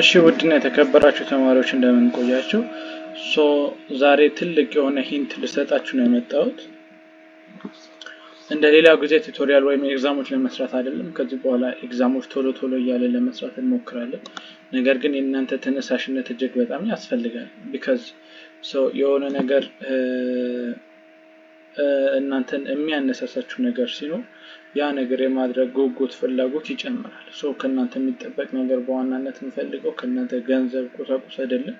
እሺ ውድና የተከበራችሁ ተማሪዎች እንደምን ቆያችሁ? ሶ ዛሬ ትልቅ የሆነ ሂንት ልሰጣችሁ ነው የመጣሁት። እንደ ሌላ ጊዜ ቱቶሪያል ወይም ኤግዛሞች ለመስራት አይደለም። ከዚህ በኋላ ኤግዛሞች ቶሎ ቶሎ እያለ ለመስራት እንሞክራለን። ነገር ግን የእናንተ ተነሳሽነት እጅግ በጣም ያስፈልጋል። ቢካዝ የሆነ ነገር እናንተን የሚያነሳሳችሁ ነገር ሲኖር ያ ነገር የማድረግ ጉጉት፣ ፍላጎት ይጨምራል። ሰው ከእናንተ የሚጠበቅ ነገር በዋናነት የምፈልገው ከእናንተ ገንዘብ፣ ቁሳቁስ አይደለም።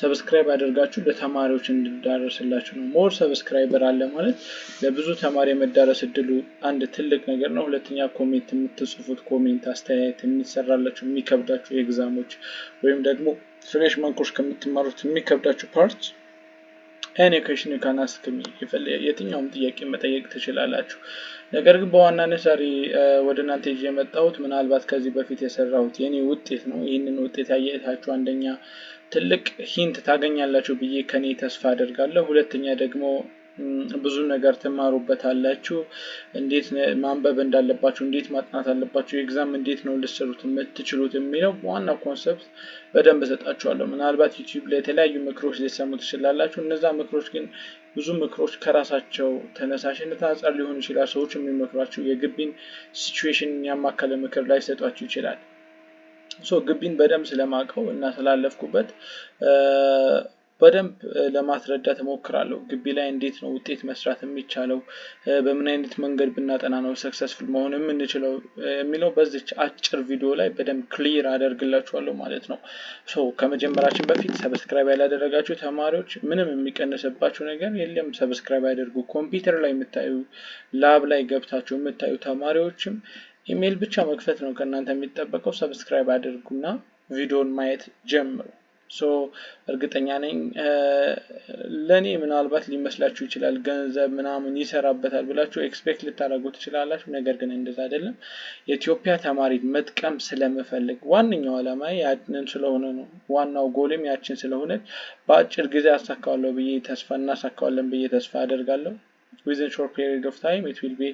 ሰብስክራይብ አድርጋችሁ ለተማሪዎች እንድዳረስላችሁ ነው። ሞር ሰብስክራይበር አለ ማለት ለብዙ ተማሪ የመዳረስ እድሉ አንድ ትልቅ ነገር ነው። ሁለተኛ ኮሜንት የምትጽፉት ኮሜንት፣ አስተያየት የሚሰራላችሁ የሚከብዳችሁ ኤግዛሞች ወይም ደግሞ ፍሬሽ መንኮች ከምትማሩት የሚከብዳችሁ ፓርት እኔ ከሽኒካን አስክሚ የትኛውም ጥያቄ መጠየቅ ትችላላችሁ። ነገር ግን በዋናነት ዛሬ ወደ እናንተ ይዤ የመጣሁት ምናልባት ከዚህ በፊት የሰራሁት የኔ ውጤት ነው። ይህንን ውጤት ያየታችሁ አንደኛ ትልቅ ሂንት ታገኛላችሁ ብዬ ከኔ ተስፋ አደርጋለሁ። ሁለተኛ ደግሞ ብዙ ነገር ትማሩበታላችሁ። እንዴት ማንበብ እንዳለባችሁ፣ እንዴት ማጥናት አለባችሁ፣ ኤግዛም እንዴት ነው ልትሰሩት የምትችሉት የሚለው ዋና ኮንሰፕት በደንብ እሰጣችኋለሁ። ምናልባት ዩቲዩብ ላይ የተለያዩ ምክሮች ሊሰሙ ትችላላችሁ። እነዛ ምክሮች ግን ብዙ ምክሮች ከራሳቸው ተነሳሽነት አንጻር ሊሆን ይችላል። ሰዎች የሚመክሯቸው የግቢን ሲቹዌሽንን ያማከለ ምክር ላይ ሰጧችሁ ይችላል። ሶ ግቢን በደንብ ስለማውቀው እና ስላለፍኩበት በደንብ ለማስረዳት እሞክራለሁ። ግቢ ላይ እንዴት ነው ውጤት መስራት የሚቻለው? በምን አይነት መንገድ ብናጠና ነው ሰክሰስፉል መሆን የምንችለው? የሚለው በዚች አጭር ቪዲዮ ላይ በደንብ ክሊር አደርግላችኋለሁ ማለት ነው። ሶ ከመጀመራችን በፊት ሰብስክራይብ ያላደረጋችሁ ተማሪዎች ምንም የሚቀንስባችሁ ነገር የለም። ሰብስክራይብ ያደርጉ። ኮምፒውተር ላይ የምታዩ ላብ ላይ ገብታችሁ የምታዩ ተማሪዎችም ኢሜይል ብቻ መክፈት ነው ከእናንተ የሚጠበቀው። ሰብስክራይብ አድርጉና ቪዲዮን ማየት ጀምሩ። ሶ እርግጠኛ ነኝ ለእኔ ምናልባት ሊመስላችሁ ይችላል ገንዘብ ምናምን ይሰራበታል ብላችሁ ኤክስፔክት ልታደረጉ ትችላላችሁ። ነገር ግን እንደዛ አይደለም። የኢትዮጵያ ተማሪ መጥቀም ስለምፈልግ ዋነኛው አላማ ያንን ስለሆነ ነው። ዋናው ጎልም ያችን ስለሆነች በአጭር ጊዜ አሳካዋለሁ ብዬ ተስፋ እናሳካዋለን ብዬ ተስፋ አደርጋለሁ። ዊዝን ሾርት ፔሪድ ኦፍ ታይም ኢት ዊል ቢ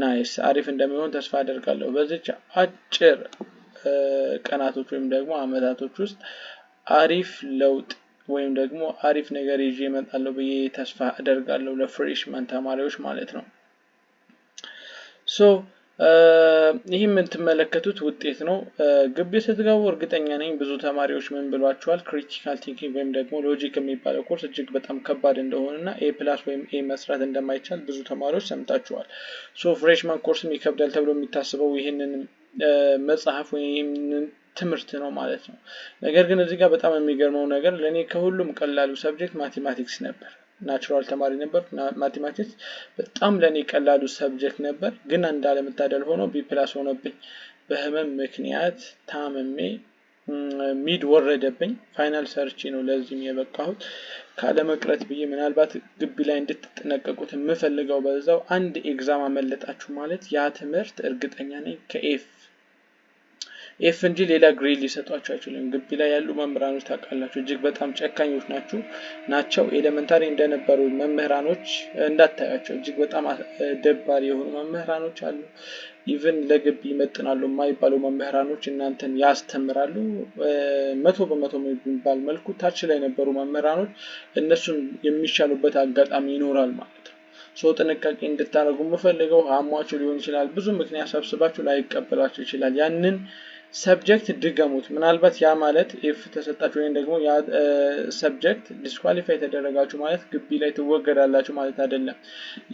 ናይስ አሪፍ እንደሚሆን ተስፋ አደርጋለሁ። በዚች አጭር ቀናቶች ወይም ደግሞ አመታቶች ውስጥ አሪፍ ለውጥ ወይም ደግሞ አሪፍ ነገር ይዤ እመጣለሁ ብዬ ተስፋ አደርጋለሁ ለፍሬሽማን ተማሪዎች ማለት ነው። ሶ ይህ የምትመለከቱት ውጤት ነው። ግቢ ስትገቡ እርግጠኛ ነኝ ብዙ ተማሪዎች ምን ብሏቸዋል? ክሪቲካል ቲንኪንግ ወይም ደግሞ ሎጂክ የሚባለው ኮርስ እጅግ በጣም ከባድ እንደሆነ ና ኤ ፕላስ ወይም ኤ መስራት እንደማይቻል ብዙ ተማሪዎች ሰምታችኋል። ሶ ፍሬሽማን ኮርስም ይከብዳል ተብሎ የሚታስበው ይህንን መጽሐፍ ወይም ትምህርት ነው ማለት ነው። ነገር ግን እዚህ ጋር በጣም የሚገርመው ነገር ለእኔ ከሁሉም ቀላሉ ሰብጀክት ማቴማቲክስ ነበር። ናቹራል ተማሪ ነበር። ማቴማቲክስ በጣም ለእኔ ቀላሉ ሰብጀክት ነበር፣ ግን እንዳለምታደል ሆኖ ቢፕላስ ሆነብኝ። በህመም ምክንያት ታምሜ ሚድ ወረደብኝ። ፋይናል ሰርቼ ነው ለዚህም የበቃሁት። ካለመቅረት ብዬ ምናልባት ግቢ ላይ እንድትጠነቀቁት የምፈልገው በዛው አንድ ኤግዛም አመለጣችሁ ማለት ያ ትምህርት እርግጠኛ ነኝ ከኤፍ ኤፍ እንጂ ሌላ ግሬድ ሊሰጧቸው አይችልም። ግቢ ላይ ያሉ መምህራኖች ታውቃላቸው እጅግ በጣም ጨካኞች ናቸው ናቸው። ኤሌመንታሪ እንደነበሩ መምህራኖች እንዳታያቸው፣ እጅግ በጣም ደባሪ የሆኑ መምህራኖች አሉ። ኢቨን ለግቢ ይመጥናሉ የማይባሉ መምህራኖች እናንተን ያስተምራሉ። መቶ በመቶ የሚባል መልኩ ታች ላይ የነበሩ መምህራኖች እነሱን የሚሻሉበት አጋጣሚ ይኖራል ማለት ነው። ሰው ጥንቃቄ እንድታደርጉ የምፈልገው አሟቸው ሊሆን ይችላል። ብዙ ምክንያት ሰብስባችሁ ላይቀበላቸው ይችላል። ያንን ሰብጀክት ድገሙት። ምናልባት ያ ማለት ኤፍ ተሰጣችሁ ወይም ደግሞ ሰብጀክት ዲስኳሊፋይ ተደረጋችሁ ማለት ግቢ ላይ ትወገዳላችሁ ማለት አይደለም።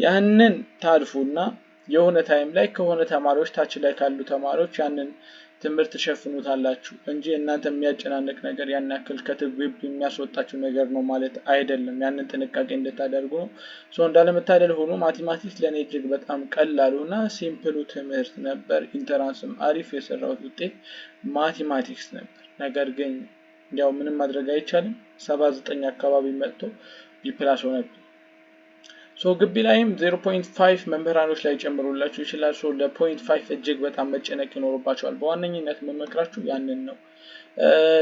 ያንን ታልፉና የሆነ ታይም ላይ ከሆነ ተማሪዎች ታች ላይ ካሉ ተማሪዎች ያንን ትምህርት ትሸፍኑታላችሁ እንጂ እናንተ የሚያጨናንቅ ነገር ያን ያክል ከትግብ የሚያስወጣችሁ ነገር ነው ማለት አይደለም። ያንን ጥንቃቄ እንድታደርጉ ነው። ሶ እንዳለመታደል ሆኖ ማቴማቲክስ ለእኔ እጅግ በጣም ቀላሉ እና ሲምፕሉ ትምህርት ነበር። ኢንተራንስም አሪፍ የሰራሁት ውጤት ማቴማቲክስ ነበር። ነገር ግን እንዲያው ምንም ማድረግ አይቻልም። ሰባ ዘጠኝ አካባቢ መጥቶ ቢፕላስ ሆነብኝ። ሶ ግቢ ላይም 0.5 መምህራኖች ላይ ጨምሮላችሁ ይችላል። ሶ ለፖይንት ፋይቭ እጅግ በጣም መጨነቅ ይኖርባቸዋል። በዋነኝነት መመክራችሁ ያንን ነው።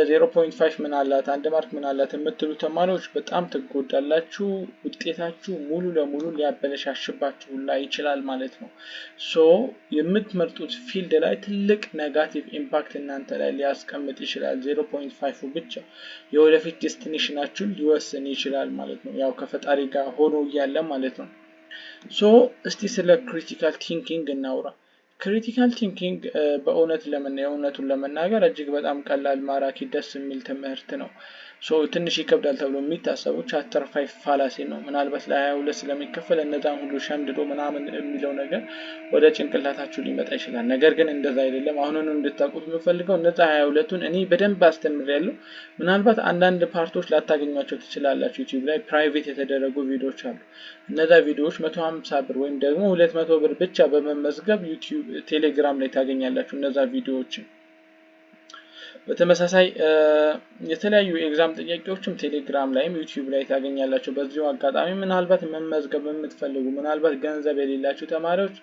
ዜሮ ፖይንት ፋይቭ ምን አላት አንድ ማርክ ምን አላት የምትሉ ተማሪዎች በጣም ትጎዳላችሁ። ውጤታችሁ ሙሉ ለሙሉ ሊያበለሻሽባችሁ ላይ ይችላል ማለት ነው። ሶ የምትመርጡት ፊልድ ላይ ትልቅ ነጋቲቭ ኢምፓክት እናንተ ላይ ሊያስቀምጥ ይችላል። ዜሮ ፖይንት ፋይቭ ብቻ የወደፊት ዴስቲኔሽናችሁን ሊወስን ይችላል ማለት ነው። ያው ከፈጣሪ ጋር ሆኖ እያለ ማለት ነው። ሶ እስቲ ስለ ክሪቲካል ቲንኪንግ እናውራ። ክሪቲካል ቲንኪንግ eh, በእውነት ለመና የእውነቱን ለመናገር እጅግ በጣም ቀላል ማራኪ ደስ የሚል ትምህርት ነው። ትንሽ ይከብዳል ተብሎ የሚታሰበው ቻፕተር ፋይቭ ፋላሲ ነው። ምናልባት ለሀያ ሁለት ስለሚከፈል እነዛን ሁሉ ሸምድዶ ምናምን የሚለው ነገር ወደ ጭንቅላታችሁ ሊመጣ ይችላል። ነገር ግን እንደዛ አይደለም። አሁኑን እንድታውቁት የምፈልገው እነዛ ሀያ ሁለቱን እኔ በደንብ አስተምር ያለው ምናልባት አንዳንድ ፓርቶች ላታገኟቸው ትችላላችሁ። ዩቲዩብ ላይ ፕራይቬት የተደረጉ ቪዲዮዎች አሉ። እነዛ ቪዲዮዎች መቶ ሀምሳ ብር ወይም ደግሞ ሁለት መቶ ብር ብቻ በመመዝገብ ዩቲዩብ ቴሌግራም ላይ ታገኛላችሁ እነዛ ቪዲዮዎችን በተመሳሳይ የተለያዩ ኤግዛም ጥያቄዎችም ቴሌግራም ላይም ዩቲዩብ ላይ ታገኛላቸው። በዚሁ አጋጣሚ ምናልባት መመዝገብ የምትፈልጉ ምናልባት ገንዘብ የሌላችሁ ተማሪዎች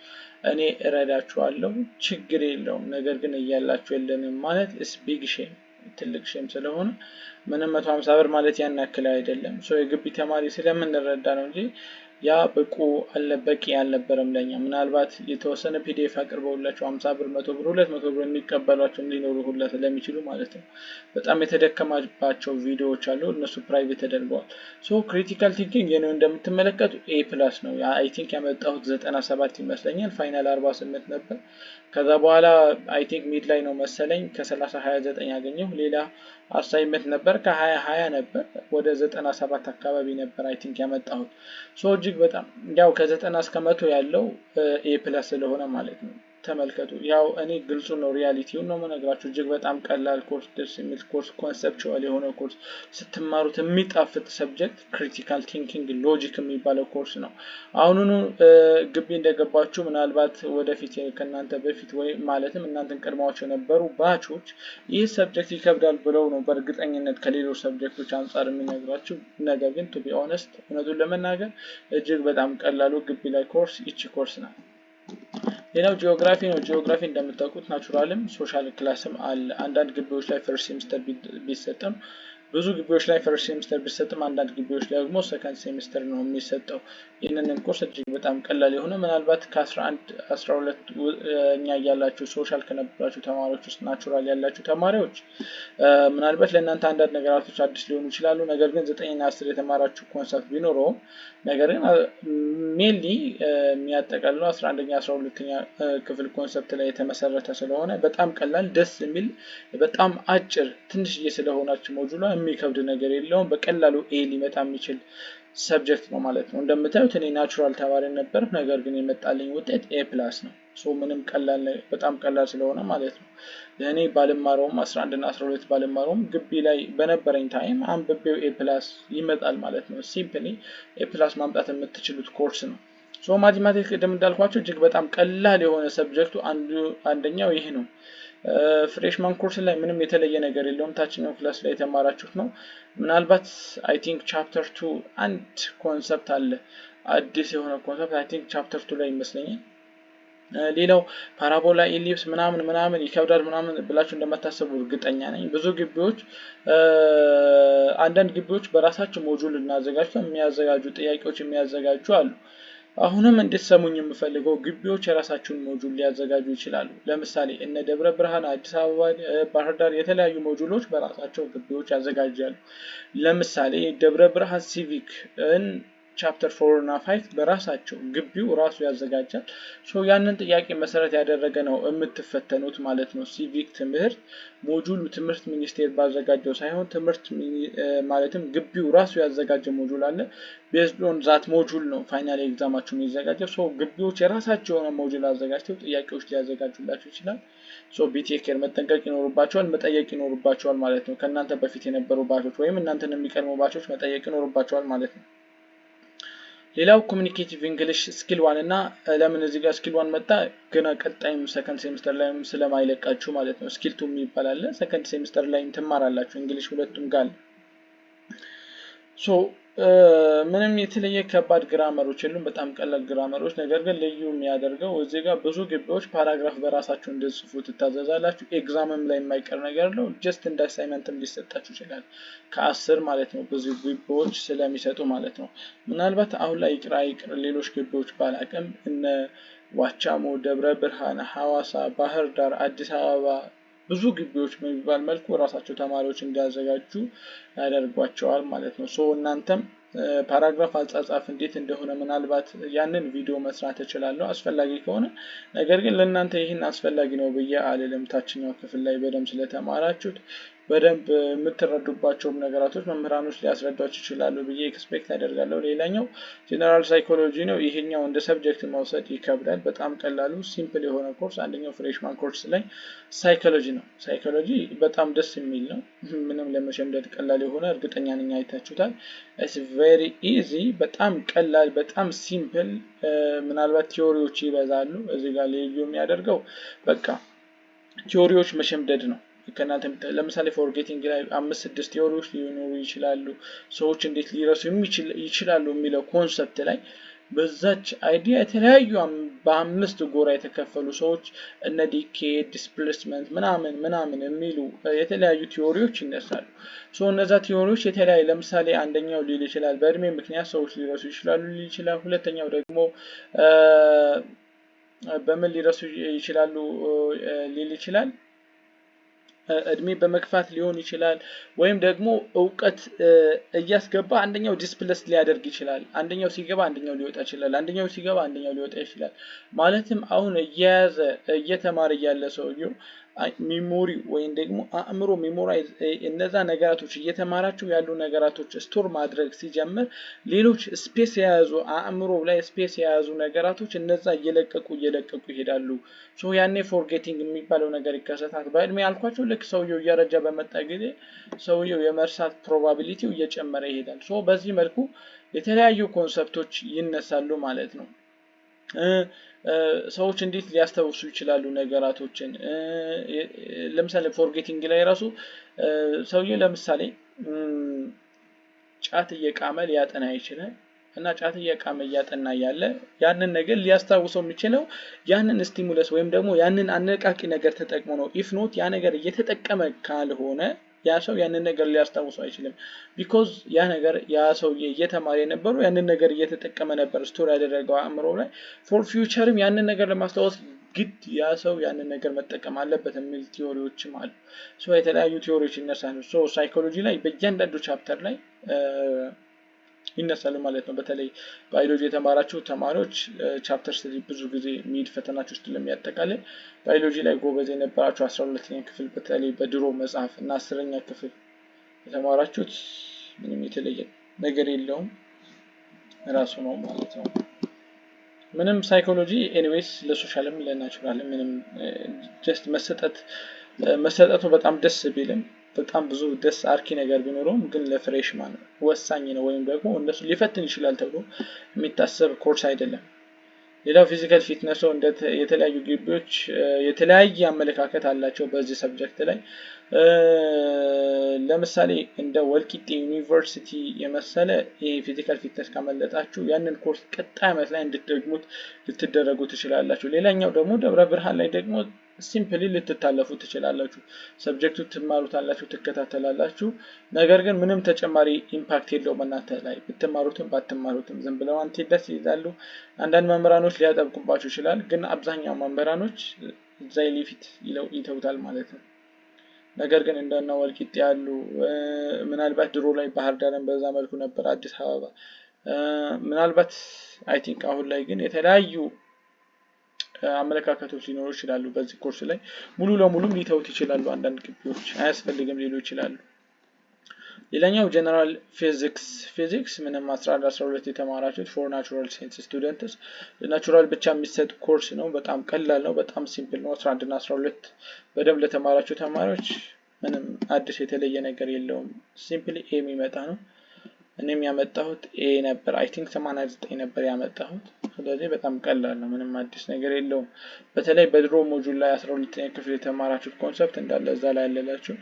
እኔ እረዳችኋለሁ፣ ችግር የለውም። ነገር ግን እያላችሁ የለንም ማለት ስ ቢግ ሼም ትልቅ ሼም ስለሆነ ምንም መቶ ሀምሳ ብር ማለት ያን ያክል አይደለም። የግቢ ተማሪ ስለምንረዳ ነው እንጂ ያ ብቁ አለበቂ አልነበረም ለኛ። ምናልባት የተወሰነ ፒዲኤፍ አቅርበውላቸው አምሳ ብር መቶ ብር ሁለት መቶ ብር የሚቀበሏቸው ሊኖሩ ሁላ ስለሚችሉ ማለት ነው። በጣም የተደከማባቸው ቪዲዮዎች አሉ። እነሱ ፕራይቬት ተደርገዋል። ሶ ክሪቲካል ቲንኪንግ የኔው እንደምትመለከቱ ኤ ፕላስ ነው። አይ ቲንክ ያመጣሁት ዘጠና ሰባት ይመስለኛል። ፋይናል አርባ ስምንት ነበር። ከዛ በኋላ አይ ቲንክ ሚድ ላይ ነው መሰለኝ ከ3029 ያገኘው ሌላ አሳይመንት ነበር ከ2020 ነበር ወደ 97 አካባቢ ነበር አይ ቲንክ ያመጣሁት። ሶ እጅግ በጣም ያው ከዘጠና እስከ መቶ ያለው ኤ ፕለስ ስለሆነ ማለት ነው ተመልከቱ። ያው እኔ ግልጹ ነው ሪያሊቲውን ነው መነግራችሁ። እጅግ በጣም ቀላል ኮርስ፣ ደስ የሚል ኮርስ፣ ኮንሰፕቹዋል የሆነ ኮርስ ስትማሩት የሚጣፍጥ ሰብጀክት ክሪቲካል ቲንኪንግ ሎጂክ የሚባለው ኮርስ ነው። አሁኑኑ ግቢ እንደገባችሁ ምናልባት ወደፊት ከእናንተ በፊት ወይ ማለትም እናንተን ቀድማዎች የነበሩ ባቾች ይህ ሰብጀክት ይከብዳል ብለው ነው በእርግጠኝነት ከሌሎች ሰብጀክቶች አንጻር የሚነግሯችሁ። ነገር ግን ቱቢ ኦነስት እውነቱን ለመናገር እጅግ በጣም ቀላሉ ግቢ ላይ ኮርስ ይቺ ኮርስ ናት። ሌላው ጂኦግራፊ ነው። ጂኦግራፊ እንደምታውቁት ናቹራልም ሶሻል ክላስም አለ። አንዳንድ ግቢዎች ላይ ፈርስት ሴሚስተር ቢሰጥም ብዙ ግቢዎች ላይ ፈርስት ሴሚስተር ቢሰጥም አንዳንድ ግቢዎች ላይ ደግሞ ሰከንድ ሴሚስተር ነው የሚሰጠው። ይህንንም ኮርስ እጅግ በጣም ቀላል የሆነ ምናልባት ከ11 12 እኛ ያላችሁ ሶሻል ከነበራችሁ ተማሪዎች ውስጥ ናቹራል ያላችሁ ተማሪዎች ምናልባት ለእናንተ አንዳንድ ነገራቶች አዲስ ሊሆኑ ይችላሉ። ነገር ግን ዘጠኝና አስር የተማራችሁ ኮንሰፕት ቢኖረውም ነገር ግን ሜንሊ የሚያጠቃልለው 11ኛ አስራ ሁለተኛ ክፍል ኮንሰፕት ላይ የተመሰረተ ስለሆነ በጣም ቀላል ደስ የሚል በጣም አጭር ትንሽዬ ስለሆናችሁ ሞጁሏ የሚከብድ ነገር የለውም። በቀላሉ ኤ ሊመጣ የሚችል ሰብጀክት ነው ማለት ነው። እንደምታዩት እኔ ናቹራል ተማሪ ነበር፣ ነገር ግን የመጣልኝ ውጤት ኤ ፕላስ ነው። ምንም ቀላል በጣም ቀላል ስለሆነ ማለት ነው። እኔ ባልማረውም 11 እና 12 ባልማረውም ግቢ ላይ በነበረኝ ታይም አንብቤው ኤ ፕላስ ይመጣል ማለት ነው። ሲምፕሊ ኤ ፕላስ ማምጣት የምትችሉት ኮርስ ነው። ሶ ማቴማቲክስ ቅድም እንዳልኳቸው እጅግ በጣም ቀላል የሆነ ሰብጀክቱ አንደኛው ይህ ነው። ፍሬሽማን ኮርስ ላይ ምንም የተለየ ነገር የለውም። ታችኛው ክላስ ላይ የተማራችሁት ነው። ምናልባት አይ ቲንክ ቻፕተር ቱ አንድ ኮንሰፕት አለ አዲስ የሆነ ኮንሰፕት አይ ቲንክ ቻፕተር ቱ ላይ ይመስለኛል ሌላው ፓራቦላ ኢሊፕስ ምናምን ምናምን ይከብዳል ምናምን ብላችሁ እንደማታሰቡ እርግጠኛ ነኝ። ብዙ ግቢዎች አንዳንድ ግቢዎች በራሳቸው ሞጁል እናዘጋጅተው የሚያዘጋጁ ጥያቄዎች የሚያዘጋጁ አሉ። አሁንም እንድትሰሙኝ የምፈልገው ግቢዎች የራሳቸውን ሞጁል ሊያዘጋጁ ይችላሉ። ለምሳሌ እነ ደብረ ብርሃን፣ አዲስ አበባ፣ ባህርዳር የተለያዩ ሞጁሎች በራሳቸው ግቢዎች ያዘጋጃሉ። ለምሳሌ ደብረ ብርሃን ሲቪክን ቻፕተር ፎር እና ፋይቭ በራሳቸው ግቢው ራሱ ያዘጋጃል። ያንን ጥያቄ መሰረት ያደረገ ነው የምትፈተኑት ማለት ነው። ሲቪክ ትምህርት ሞጁሉ ትምህርት ሚኒስቴር ባዘጋጀው ሳይሆን ትምህርት ማለትም ግቢው ራሱ ያዘጋጀ ሞጁል አለ። ቤዝድ ዛት ሞጁል ነው ፋይናል ኤግዛማችሁ የሚዘጋጀው። ግቢዎች የራሳቸው የሆነ ሞጁል አዘጋጅተው ጥያቄዎች ሊያዘጋጁላቸው ይችላል። ሶ ቢቴኬር መጠንቀቅ ይኖርባቸዋል፣ መጠየቅ ይኖርባቸዋል ማለት ነው። ከእናንተ በፊት የነበሩ ባቾች ወይም እናንተን የሚቀድሙ ባቾች መጠየቅ ይኖርባቸዋል ማለት ነው። ሌላው ኮሚኒኬቲቭ እንግሊሽ ስኪል ዋን እና ለምን እዚህ ጋር ስኪል ዋን መጣ? ገና ቀጣይም ሰከንድ ሴምስተር ላይም ስለማይለቃችሁ ማለት ነው። ስኪል ቱ የሚባል ሰከንድ ሴምስተር ላይም ትማራላችሁ። እንግሊሽ ሁለቱም ጋር Uh, ምንም የተለየ ከባድ ግራመሮች የሉም፣ በጣም ቀላል ግራመሮች። ነገር ግን ልዩ የሚያደርገው እዚህ ጋር ብዙ ግቢዎች ፓራግራፍ በራሳቸው እንደጽፉ ትታዘዛላችሁ። ኤግዛምም ላይ የማይቀር ነገር ነው። ጀስት እንደ አሳይመንትም ሊሰጣችሁ ይችላል። ከአስር ማለት ነው ብዙ ግቢዎች ስለሚሰጡ ማለት ነው። ምናልባት አሁን ላይ ይቅር ሌሎች ግቢዎች ባላቅም እነ ዋቻሞ፣ ደብረ ብርሃን፣ ሐዋሳ፣ ባህር ዳር፣ አዲስ አበባ ብዙ ግቢዎች በሚባል መልኩ ራሳቸው ተማሪዎች እንዲያዘጋጁ ያደርጓቸዋል ማለት ነው። እናንተም ፓራግራፍ አጻጻፍ እንዴት እንደሆነ ምናልባት ያንን ቪዲዮ መስራት እችላለሁ አስፈላጊ ከሆነ። ነገር ግን ለእናንተ ይህን አስፈላጊ ነው ብዬ አልልም። ታችኛው ክፍል ላይ በደንብ ስለተማራችሁት በደንብ የምትረዱባቸውም ነገራቶች መምህራኖች ሊያስረዷቸው ይችላሉ ብዬ ኤክስፔክት አደርጋለሁ። ሌላኛው ጀነራል ሳይኮሎጂ ነው። ይሄኛው እንደ ሰብጀክት መውሰድ ይከብዳል። በጣም ቀላሉ ሲምፕል የሆነ ኮርስ አንደኛው ፍሬሽማን ኮርስ ላይ ሳይኮሎጂ ነው። ሳይኮሎጂ በጣም ደስ የሚል ነው። ምንም ለመሸምደድ ቀላል የሆነ እርግጠኛ ነኝ አይታችሁታል። ኢትስ ኢዚ፣ በጣም ቀላል፣ በጣም ሲምፕል። ምናልባት ቲዎሪዎች ይበዛሉ። እዚህ ጋር ልዩ የሚያደርገው በቃ ቲዎሪዎች መሸምደድ ነው። ከእናንተ ለምሳሌ ፎርጌቲንግ ላይ አምስት ስድስት ቴዎሪዎች ሊኖሩ ይችላሉ። ሰዎች እንዴት ሊረሱ ይችላሉ የሚለው ኮንሰፕት ላይ በዛች አይዲያ የተለያዩ በአምስት ጎራ የተከፈሉ ሰዎች እነ ዲኬ ዲስፕሌስመንት ምናምን ምናምን የሚሉ የተለያዩ ቲዎሪዎች ይነሳሉ። ሶ እነዛ ቲዎሪዎች የተለያዩ ለምሳሌ አንደኛው ሊል ይችላል በእድሜ ምክንያት ሰዎች ሊረሱ ይችላሉ ሊል ይችላል። ሁለተኛው ደግሞ በምን ሊረሱ ይችላሉ ሊል ይችላል። እድሜ በመግፋት ሊሆን ይችላል። ወይም ደግሞ እውቀት እያስገባ አንደኛው ዲስፕለስ ሊያደርግ ይችላል። አንደኛው ሲገባ አንደኛው ሊወጣ ይችላል። አንደኛው ሲገባ አንደኛው ሊወጣ ይችላል። ማለትም አሁን እየያዘ እየተማረ ያለ ሰውየው ሚሞሪ ወይም ደግሞ አእምሮ ሜሞራይዝ እነዛ ነገራቶች እየተማራችሁ ያሉ ነገራቶች ስቶር ማድረግ ሲጀምር ሌሎች ስፔስ የያዙ አእምሮ ላይ ስፔስ የያዙ ነገራቶች እነዛ እየለቀቁ እየለቀቁ ይሄዳሉ። ሶ ያኔ ፎርጌቲንግ የሚባለው ነገር ይከሰታል። በእድሜ ያልኳቸው ልክ ሰውየው እያረጃ በመጣ ጊዜ ሰውየው የመርሳት ፕሮባቢሊቲው እየጨመረ ይሄዳል። ሶ በዚህ መልኩ የተለያዩ ኮንሰፕቶች ይነሳሉ ማለት ነው። ሰዎች እንዴት ሊያስታውሱ ይችላሉ ነገራቶችን። ለምሳሌ ፎርጌቲንግ ላይ ራሱ ሰውዬው ለምሳሌ ጫት እየቃመ ሊያጠና ይችላል እና ጫት እየቃመ እያጠና ያለ ያንን ነገር ሊያስታውሰው የሚችለው ያንን ስቲሙለስ ወይም ደግሞ ያንን አነቃቂ ነገር ተጠቅሞ ነው። ኢፍ ኖት ያ ነገር እየተጠቀመ ካልሆነ ያ ሰው ያንን ነገር ሊያስታውሰው አይችልም። ቢኮዝ ያ ነገር ያ ሰው እየተማረ የነበሩ ያንን ነገር እየተጠቀመ ነበር ስቶር ያደረገው አእምሮ ላይ ፎር ፊውቸርም ያንን ነገር ለማስታወስ ግድ ያ ሰው ያንን ነገር መጠቀም አለበት የሚል ቲዎሪዎችም አሉ። የተለያዩ ቲዎሪዎች ይነሳሉ። ሳይኮሎጂ ላይ በእያንዳንዱ ቻፕተር ላይ ይነሳሉ ማለት ነው። በተለይ ባዮሎጂ የተማራችሁ ተማሪዎች ቻፕተር ስሪ ብዙ ጊዜ ሚድ ፈተናች ውስጥ ለሚያጠቃልል ባዮሎጂ ላይ ጎበዝ የነበራችሁ አስራ ሁለተኛ ክፍል በተለይ በድሮ መጽሐፍ እና አስረኛ ክፍል የተማራችሁት ምንም የተለየ ነገር የለውም ራሱ ነው ማለት ነው። ምንም ሳይኮሎጂ ኤኒዌይስ ለሶሻልም ለናቹራልም ምንም ጀስት መሰጠት መሰጠቱ በጣም ደስ ቢልም በጣም ብዙ ደስ አርኪ ነገር ቢኖረውም ግን ለፍሬሽማን ወሳኝ ነው ወይም ደግሞ እነሱ ሊፈትን ይችላል ተብሎ የሚታሰብ ኮርስ አይደለም። ሌላው ፊዚካል ፊትነስ እንደ የተለያዩ ግቢዎች የተለያየ አመለካከት አላቸው በዚህ ሰብጀክት ላይ። ለምሳሌ እንደ ወልቂጤ ዩኒቨርሲቲ የመሰለ ይሄ ፊዚካል ፊትነስ ካመለጣችሁ ያንን ኮርስ ቀጣይ አመት ላይ እንድትደግሙት ልትደረጉ ትችላላችሁ። ሌላኛው ደግሞ ደብረ ብርሃን ላይ ደግሞ ሲምፕሊ ልትታለፉ ትችላላችሁ። ሰብጀክቱ ትማሩታላችሁ፣ ትከታተላላችሁ። ነገር ግን ምንም ተጨማሪ ኢምፓክት የለውም እናንተ ላይ ብትማሩትም ባትማሩትም ዝም ብለው አንቴ ደስ ይላሉ። አንዳንድ መምህራኖች ሊያጠብቁባችሁ ይችላል፣ ግን አብዛኛው መምህራኖች እዛ ሊፊት ይተውታል ማለት ነው። ነገር ግን እንደነ ወልቂጤ ያሉ ምናልባት ድሮ ላይ ባህር ዳርን በዛ መልኩ ነበር፣ አዲስ አበባ ምናልባት አይ ቲንክ አሁን ላይ ግን የተለያዩ አመለካከቶች ሊኖሩ ይችላሉ። በዚህ ኮርስ ላይ ሙሉ ለሙሉም ሊተውት ይችላሉ። አንዳንድ ግቢዎች አያስፈልግም ሊሉ ይችላሉ። ሌላኛው ጀነራል ፊዚክስ ፊዚክስ ምንም 11 12 የተማራችሁት ፎር ናራል ሳይንስ ስቱደንትስ ናራል ብቻ የሚሰጥ ኮርስ ነው። በጣም ቀላል ነው። በጣም ሲምፕል ነው። 11 እና 12 በደንብ ለተማራችሁ ተማሪዎች ምንም አዲስ የተለየ ነገር የለውም። ሲምፕሊ ኤ የሚመጣ ነው። እኔም ያመጣሁት ኤ ነበር። አይ ቲንክ 89 ዘጠኝ ነበር ያመጣሁት። ስለዚህ በጣም ቀላል ነው፣ ምንም አዲስ ነገር የለውም። በተለይ በድሮ ሞጁል ላይ 12 ኛ ክፍል የተማራችሁት ኮንሰፕት እንዳለ እዛ ላይ ያለላችሁ።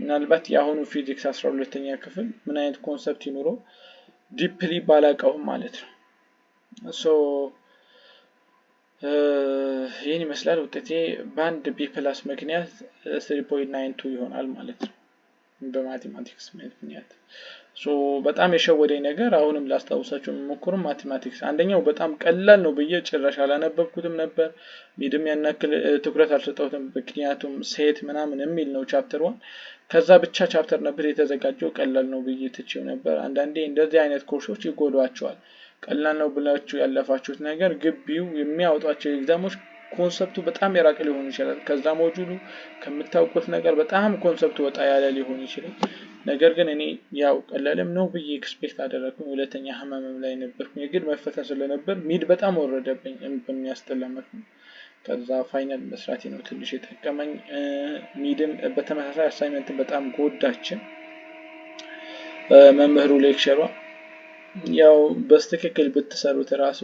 ምናልባት የአሁኑ ፊዚክስ 12 ኛ ክፍል ምን አይነት ኮንሰፕት ይኑሮ ዲፕሊ ባላቀውም ማለት ነው። ሶ ይህን ይመስላል ውጤቴ። በአንድ ቢ ፕላስ ምክንያት ስሪ ፖይንት ይሆናል ማለት ነው በማቴማቲክስ ምክንያት ሶ በጣም የሸወደኝ ነገር አሁንም ላስታውሳቸው የሚሞክሩም ማቴማቲክስ አንደኛው በጣም ቀላል ነው ብዬ ጭራሽ አላነበብኩትም ነበር። ሚድም ያናክል ትኩረት አልሰጠሁትም ምክንያቱም ሴት ምናምን የሚል ነው ቻፕተር ዋን። ከዛ ብቻ ቻፕተር ነበር የተዘጋጀው ቀላል ነው ብዬ ትችው ነበር። አንዳንዴ እንደዚህ አይነት ኮርሶች ይጎዷቸዋል። ቀላል ነው ብላችሁ ያለፋችሁት ነገር ግቢው የሚያወጧቸው ኤግዛሞች ኮንሰፕቱ በጣም የራቀ ሊሆን ይችላል። ከዛ ሞጁሉ ከምታውቁት ነገር በጣም ኮንሰፕቱ ወጣ ያለ ሊሆን ይችላል። ነገር ግን እኔ ያው ቀለልም ነው ብዬ ኤክስፔክት አደረግኩኝ። ሁለተኛ ህመምም ላይ ነበር የግድ መፈተን ስለነበር ሚድ በጣም ወረደብኝ በሚያስጠለመት መልኩ። ከዛ ፋይናል መስራቴ ነው ትንሽ የጠቀመኝ። ሚድም በተመሳሳይ አሳይመንትን በጣም ጎዳችን መምህሩ ሌክቸሯ። ያው በስትክክል ብትሰሩት ራሱ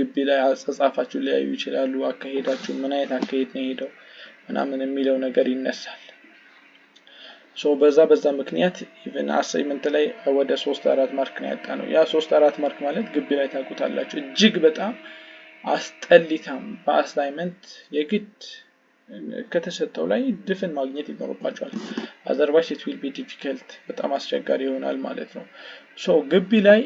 ግቢ ላይ አጸጻፋችሁ ሊያዩ ይችላሉ። አካሄዳችሁ ምን አይነት አካሄድ ነው ሄደው ምናምን የሚለው ነገር ይነሳል። ሶ በዛ በዛ ምክንያት ኢቨን አሳይመንት ላይ ወደ ሶስት አራት ማርክ ነው ያጣ ነው። ያ ሶስት አራት ማርክ ማለት ግቢ ላይ ታቁታላችሁ እጅግ በጣም አስጠሊታም በአሳይመንት የግድ ከተሰጠው ላይ ድፍን ማግኘት ይኖርባቸዋል። አዘርባይስ ኢት ዊል ቢ ዲፊከልት በጣም አስቸጋሪ ይሆናል ማለት ነው። ሶ ግቢ ላይ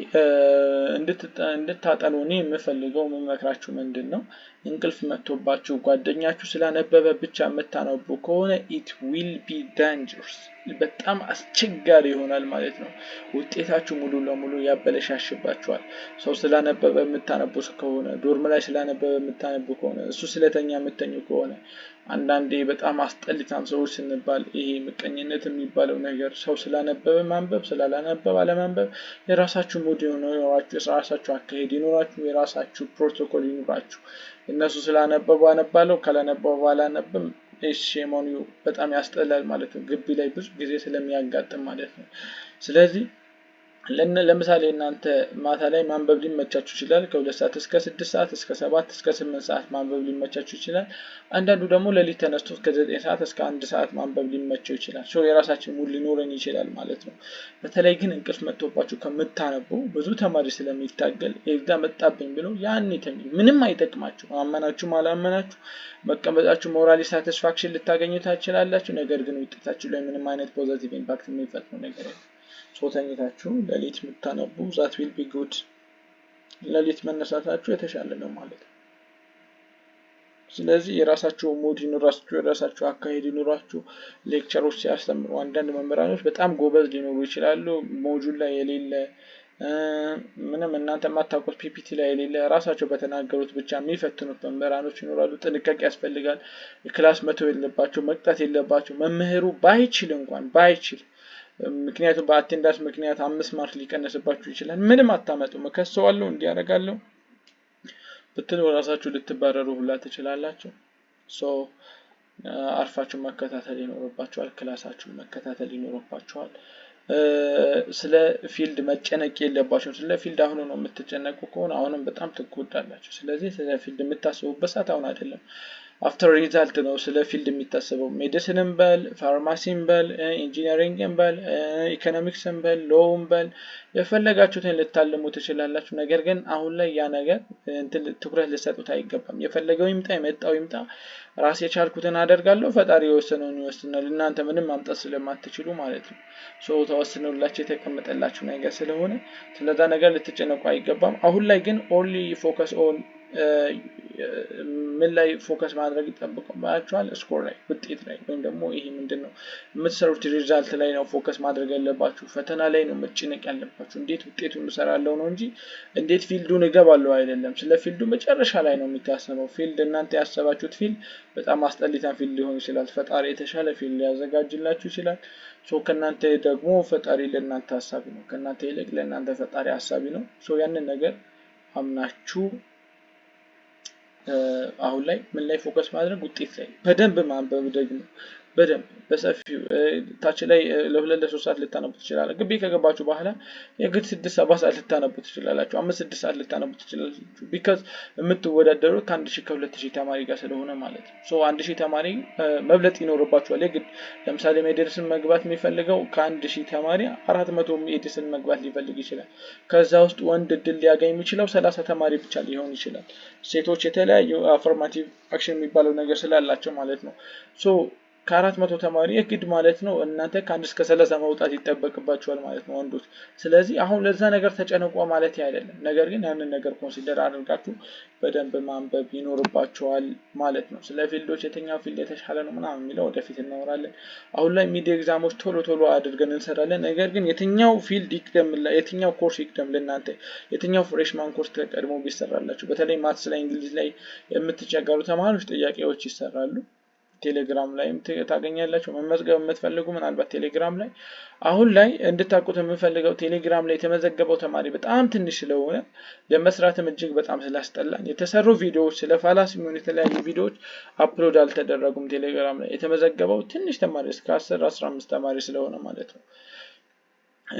እንድታጠኑ እኔ የምፈልገው የምመክራችሁ ምንድን ነው እንቅልፍ መጥቶባችሁ ጓደኛችሁ ስላነበበ ብቻ የምታነቡ ከሆነ ኢት ዊል ቢ ዳንጀርስ በጣም አስቸጋሪ ይሆናል ማለት ነው። ውጤታችሁ ሙሉ ለሙሉ ያበለሻሽባችኋል። ሰው ስላነበበ የምታነቡ ከሆነ፣ ዶርም ላይ ስላነበበ የምታነቡ ከሆነ፣ እሱ ስለተኛ የምተኙ ከሆነ አንዳንዴ በጣም አስጠልታም ሰዎች ስንባል ይሄ ምቀኝነት የሚባለው ነገር ሰው ስላነበበ ማንበብ ስላላነበብ አለማንበብ የራሳችሁ ሙድ ይኖራችሁ፣ የራሳችሁ አካሄድ ይኖራችሁ፣ የራሳችሁ ፕሮቶኮል ይኖራችሁ። እነሱ ስላነበቡ አነባለው ካላነበቡ አላነብም። ሴሞኒ በጣም ያስጠላል ማለት ነው። ግቢ ላይ ብዙ ጊዜ ስለሚያጋጥም ማለት ነው። ስለዚህ ለምሳሌ እናንተ ማታ ላይ ማንበብ ሊመቻችሁ ይችላል። ከሁለት ሰዓት እስከ ስድስት ሰዓት እስከ ሰባት እስከ ስምንት ሰዓት ማንበብ ሊመቻችሁ ይችላል። አንዳንዱ ደግሞ ለሊት ተነስቶ ዘጠኝ ሰዓት እስከ አንድ ሰዓት ማንበብ ሊመቸው ይችላል። ሰው የራሳችን ሙድ ሊኖረን ይችላል ማለት ነው። በተለይ ግን እንቅልፍ መጥቶባችሁ ከምታነቡ ብዙ ተማሪ ስለሚታገል ኤግዛ መጣብኝ ብሎ ያን ተኝ ምንም አይጠቅማችሁ። አመናችሁም አላመናችሁ መቀመጣችሁ ሞራሊ ሳቲስፋክሽን ልታገኙ ታችላላችሁ ነገር ግን ውጤታችሁ ላይ ምንም አይነት ፖዘቲቭ ኢምፓክት የሚፈጥሩ ነገር ሶተኝታችሁ ለሌት የምታነቡ ዛት ቢል ቢ ጉድ መነሳታችሁ የተሻለ ነው ማለት ነው። ስለዚህ የራሳቸው ሙድ ይኑራችሁ፣ የራሳቸው አካሄድ ይኑራችሁ። ሌክቸሮች ሲያስተምሩ አንዳንድ መምህራኖች በጣም ጎበዝ ሊኖሩ ይችላሉ። ሞጁል ላይ የሌለ ምንም እናንተ ማታቆት ፒፒቲ ላይ የሌለ ራሳቸው በተናገሩት ብቻ የሚፈትኑት መምህራኖች ይኖራሉ። ጥንቃቄ ያስፈልጋል። ክላስ መተው የለባቸው መቅጣት የለባቸው መምህሩ ባይችል እንኳን ባይችል ምክንያቱም በአቴንዳንስ ምክንያት አምስት ማርክ ሊቀነስባችሁ ይችላል። ምንም አታመጡ መከሰዋለሁ እንዲያደርጋለሁ ብትሉ ራሳችሁ ልትባረሩ ሁላ ትችላላችሁ። አርፋችሁ መከታተል ይኖርባችኋል። ክላሳችሁን መከታተል ይኖርባችኋል። ስለ ፊልድ መጨነቅ የለባቸው ስለ ፊልድ አሁኑ ነው የምትጨነቁ ከሆነ አሁንም በጣም ትጎዳላቸው ስለዚህ ስለ ፊልድ የምታስቡበት ሰዓት አሁን አይደለም። አፍተር ሪዛልት ነው ስለ ፊልድ የሚታሰበው። ሜዲሲን በል ፋርማሲ በል ኢንጂነሪንግን በል ኢኮኖሚክስ በል ሎውን በል የፈለጋችሁትን ልታልሙ ትችላላችሁ። ነገር ግን አሁን ላይ ያ ነገር ትኩረት ልሰጡት አይገባም። የፈለገው ይምጣ የመጣው ይምጣ ራስ የቻልኩትን አደርጋለሁ። ፈጣሪ የወሰነውን ይወስናል። እናንተ ምንም ማምጣት ስለማትችሉ ማለት ነው። ሰው የተቀመጠላችሁ ነገር ስለሆነ ስለዛ ነገር ልትጨነቁ አይገባም። አሁን ላይ ግን ኦንሊ ፎከስ ኦን ምን ላይ ፎከስ ማድረግ ይጠበቅባቸዋል? ስኮር ላይ ውጤት ላይ ወይም ደግሞ ይሄ ምንድን ነው የምትሰሩት ሪዛልት ላይ ነው ፎከስ ማድረግ ያለባችሁ። ፈተና ላይ ነው መጭነቅ ያለባችሁ። እንዴት ውጤቱን እሰራለሁ ነው እንጂ እንዴት ፊልዱን እገባለሁ አይደለም። ስለ ፊልዱ መጨረሻ ላይ ነው የሚታሰበው። ፊልድ እናንተ ያሰባችሁት ፊልድ በጣም አስጠሊታን ፊልድ ሊሆን ይችላል። ፈጣሪ የተሻለ ፊልድ ሊያዘጋጅላችሁ ይችላል። ከእናንተ ደግሞ ፈጣሪ ለእናንተ ሀሳቢ ነው። ከእናንተ ይልቅ ለእናንተ ፈጣሪ ሀሳቢ ነው። ያንን ነገር አምናችሁ አሁን ላይ ምን ላይ ፎከስ ማድረግ ውጤት ላይ በደንብ ማንበብ ደግሞ በደንብ በሰፊው ታች ላይ ለሁለት ለሶስት ሰዓት ልታነቡ ትችላለ። ግቢ ከገባችሁ በኋላ የግድ ስድስት ሰባ ሰዓት ልታነቡ ትችላላችሁ። አምስት ስድስት ሰዓት ልታነቡ ትችላላችሁ። ቢካዝ የምትወዳደሩት ከአንድ ሺህ ከሁለት ሺህ ተማሪ ጋር ስለሆነ ማለት ነው። አንድ ሺህ ተማሪ መብለጥ ይኖርባችኋል የግድ። ለምሳሌ ሜዲርስን መግባት የሚፈልገው ከአንድ ሺህ ተማሪ አራት መቶ ሜዲርስን መግባት ሊፈልግ ይችላል። ከዛ ውስጥ ወንድ እድል ሊያገኝ የሚችለው ሰላሳ ተማሪ ብቻ ሊሆን ይችላል። ሴቶች የተለያዩ አፈርማቲቭ አክሽን የሚባለው ነገር ስላላቸው ማለት ነው ሶ ከአራት መቶ ተማሪ የግድ ማለት ነው እናንተ ከአንድ እስከ ሰላሳ መውጣት ይጠበቅባቸዋል ማለት ነው ወንዶች። ስለዚህ አሁን ለዛ ነገር ተጨነቋ ማለት አይደለም። ነገር ግን ያንን ነገር ኮንሲደር አድርጋችሁ በደንብ ማንበብ ይኖርባቸዋል ማለት ነው። ስለ ፊልዶች የትኛው ፊልድ የተሻለ ነው ምናምን የሚለው ወደፊት እናወራለን። አሁን ላይ ሚዲ ኤግዛሞች ቶሎ ቶሎ አድርገን እንሰራለን። ነገር ግን የትኛው ፊልድ ይቅደም፣ የትኛው ኮርስ ይቅደም ለእናንተ፣ የትኛው ፍሬሽማን ኮርስ ተቀድሞ ቢሰራላችሁ፣ በተለይ ማትስ ላይ እንግሊዝ ላይ የምትቸገሩ ተማሪዎች ጥያቄዎች ይሰራሉ። ቴሌግራም ላይም ታገኛላችሁ። መመዝገብ የምትፈልጉ ምናልባት ቴሌግራም ላይ አሁን ላይ እንድታቁት የምፈልገው ቴሌግራም ላይ የተመዘገበው ተማሪ በጣም ትንሽ ስለሆነ ለመስራትም እጅግ በጣም ስላስጠላኝ የተሰሩ ቪዲዮዎች ስለ ፋላስ የተለያዩ ቪዲዮዎች አፕሎድ አልተደረጉም። ቴሌግራም ላይ የተመዘገበው ትንሽ ተማሪ እስከ አስር 15 አምስት ተማሪ ስለሆነ ማለት ነው።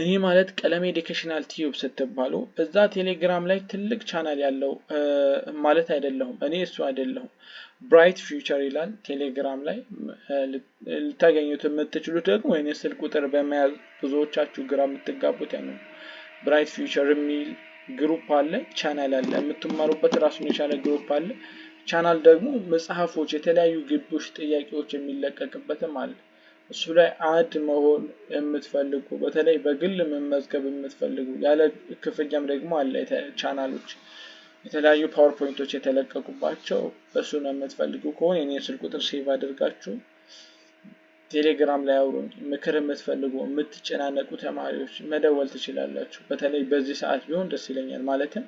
ይህ ማለት ቀለም ኤዲኬሽናል ቲዩብ ስትባሉ እዛ ቴሌግራም ላይ ትልቅ ቻናል ያለው ማለት አይደለሁም። እኔ እሱ አይደለሁም። ብራይት ፊውቸር ይላል ቴሌግራም ላይ ልታገኙት የምትችሉት ደግሞ የኔ ስልክ ቁጥር በመያዝ ብዙዎቻችሁ ግራ የምትጋቡት ያ ነው። ብራይት ፊውቸር የሚል ግሩፕ አለ፣ ቻናል አለ። የምትማሩበት ራሱን የቻለ ግሩፕ አለ። ቻናል ደግሞ መጽሐፎች፣ የተለያዩ ግቢዎች ጥያቄዎች የሚለቀቅበትም አለ። እሱ ላይ አድ መሆን የምትፈልጉ በተለይ በግል መመዝገብ የምትፈልጉ ያለ ክፍያም ደግሞ አለ ቻናሎች የተለያዩ ፓወርፖይንቶች የተለቀቁባቸው እሱን የምትፈልጉ ከሆነ የኔ ስልክ ቁጥር ሴቭ አድርጋችሁ ቴሌግራም ላይ አውሩኝ። ምክር የምትፈልጉ የምትጨናነቁ ተማሪዎች መደወል ትችላላችሁ። በተለይ በዚህ ሰዓት ቢሆን ደስ ይለኛል። ማለትም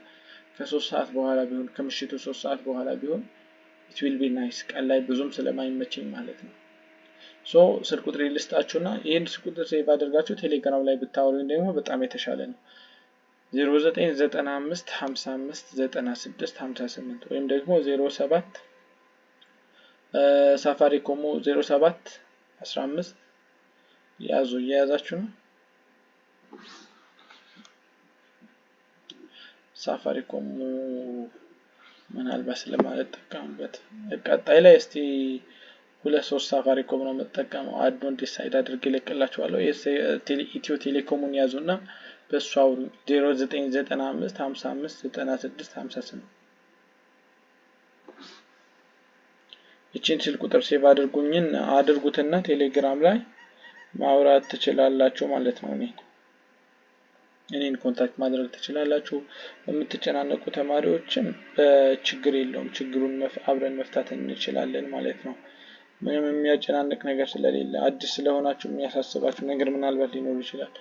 ከሶስት ሰዓት በኋላ ቢሆን ከምሽቱ ሶስት ሰዓት በኋላ ቢሆን ኢትዊል ቢ ናይስ። ቀን ላይ ብዙም ስለማይመቸኝ ማለት ነው። ሶ ስልክ ልስጣችሁ እና ይህን ስልክ ቁጥር ሴቭ አድርጋችሁ ቴሌግራም ላይ ብታወሩኝ ደግሞ በጣም የተሻለ ነው። 0995 ወይም ደግሞ 07 ሳፋሪ ኮሞ 07 15 ያዙ እየያዛችሁ ነው። ሳፋሪ ኮሞ ምናልባት ስለማለት ጠቀሙበት ቀጣይ ላይ እስቲ ሁለት ሶስት ሳፋሪኮም ነው የምጠቀመው። አድኖን ዲሳይድ አድርግ እልክላችኋለሁ። ኢትዮ ቴሌኮሙን ያዙ እና በእሱ አውሩ። ዜሮ ዘጠኝ ዘጠና አምስት ሀምሳ አምስት ዘጠና ስድስት ሀምሳ ይችን ስል ቁጥር ሴቭ አድርጉኝን አድርጉትና ቴሌግራም ላይ ማውራት ትችላላችሁ ማለት ነው። እኔ እኔን ኮንታክት ማድረግ ትችላላችሁ። የምትጨናነቁ ተማሪዎችም በችግር የለውም፣ ችግሩን አብረን መፍታት እንችላለን ማለት ነው። ምንም የሚያጨናንቅ ነገር ስለሌለ አዲስ ስለሆናችሁ የሚያሳስባችሁ ነገር ምናልባት ሊኖር ይችላል።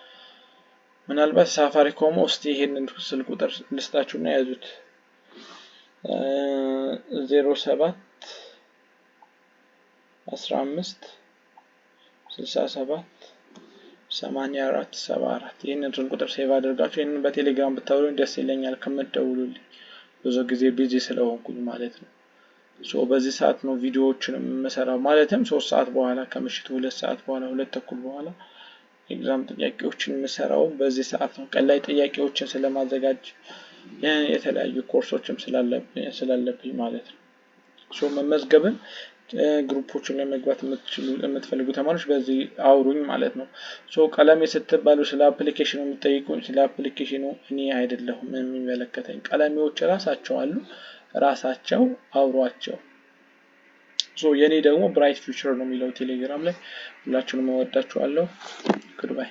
ምናልባት ሳፋሪኮም ውስጥ ይሄንን ስል ቁጥር ልስጣችሁና ያዙት ዜሮ ሰባት አስራ አምስት ስልሳ ሰባት ሰማኒያ አራት ሰባ አራት ይህንን ስልክ ቁጥር ሴቭ አድርጋችሁ ይህንን በቴሌግራም ብታውሉኝ ደስ ይለኛል ከምትደውሉልኝ ብዙ ጊዜ ቢዚ ስለሆንኩኝ ማለት ነው። በዚህ ሰዓት ነው ቪዲዮዎችን የምሰራው። ማለትም ሶስት ሰዓት በኋላ ከምሽቱ ሁለት ሰዓት በኋላ ሁለት ተኩል በኋላ ኤግዛም ጥያቄዎችን የምሰራው በዚህ ሰዓት ነው። ቀን ላይ ጥያቄዎችን ስለማዘጋጅ የተለያዩ ኮርሶችም ስላለብኝ ማለት ነው። ሶ መመዝገብን ግሩፖችን ላይ መግባት የምትፈልጉ ተማሪዎች በዚህ አውሩኝ ማለት ነው። ሶ ቀለሜ ስትባሉ ስለ አፕሊኬሽኑ የምትጠይቁኝ ስለ አፕሊኬሽኑ እኔ አይደለሁም የሚመለከተኝ። ቀለሜዎች ራሳቸው አሉ። ራሳቸው አውሯቸው። ሶ የኔ ደግሞ ብራይት ፊውቸር ነው የሚለው ቴሌግራም ላይ። ሁላችሁንም እወዳችኋለሁ። ጉድባይ